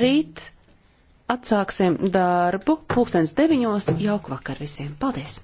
Rīt atsāksim darbu pulkstens deviņos. Jauku vakar visiem. Paldies!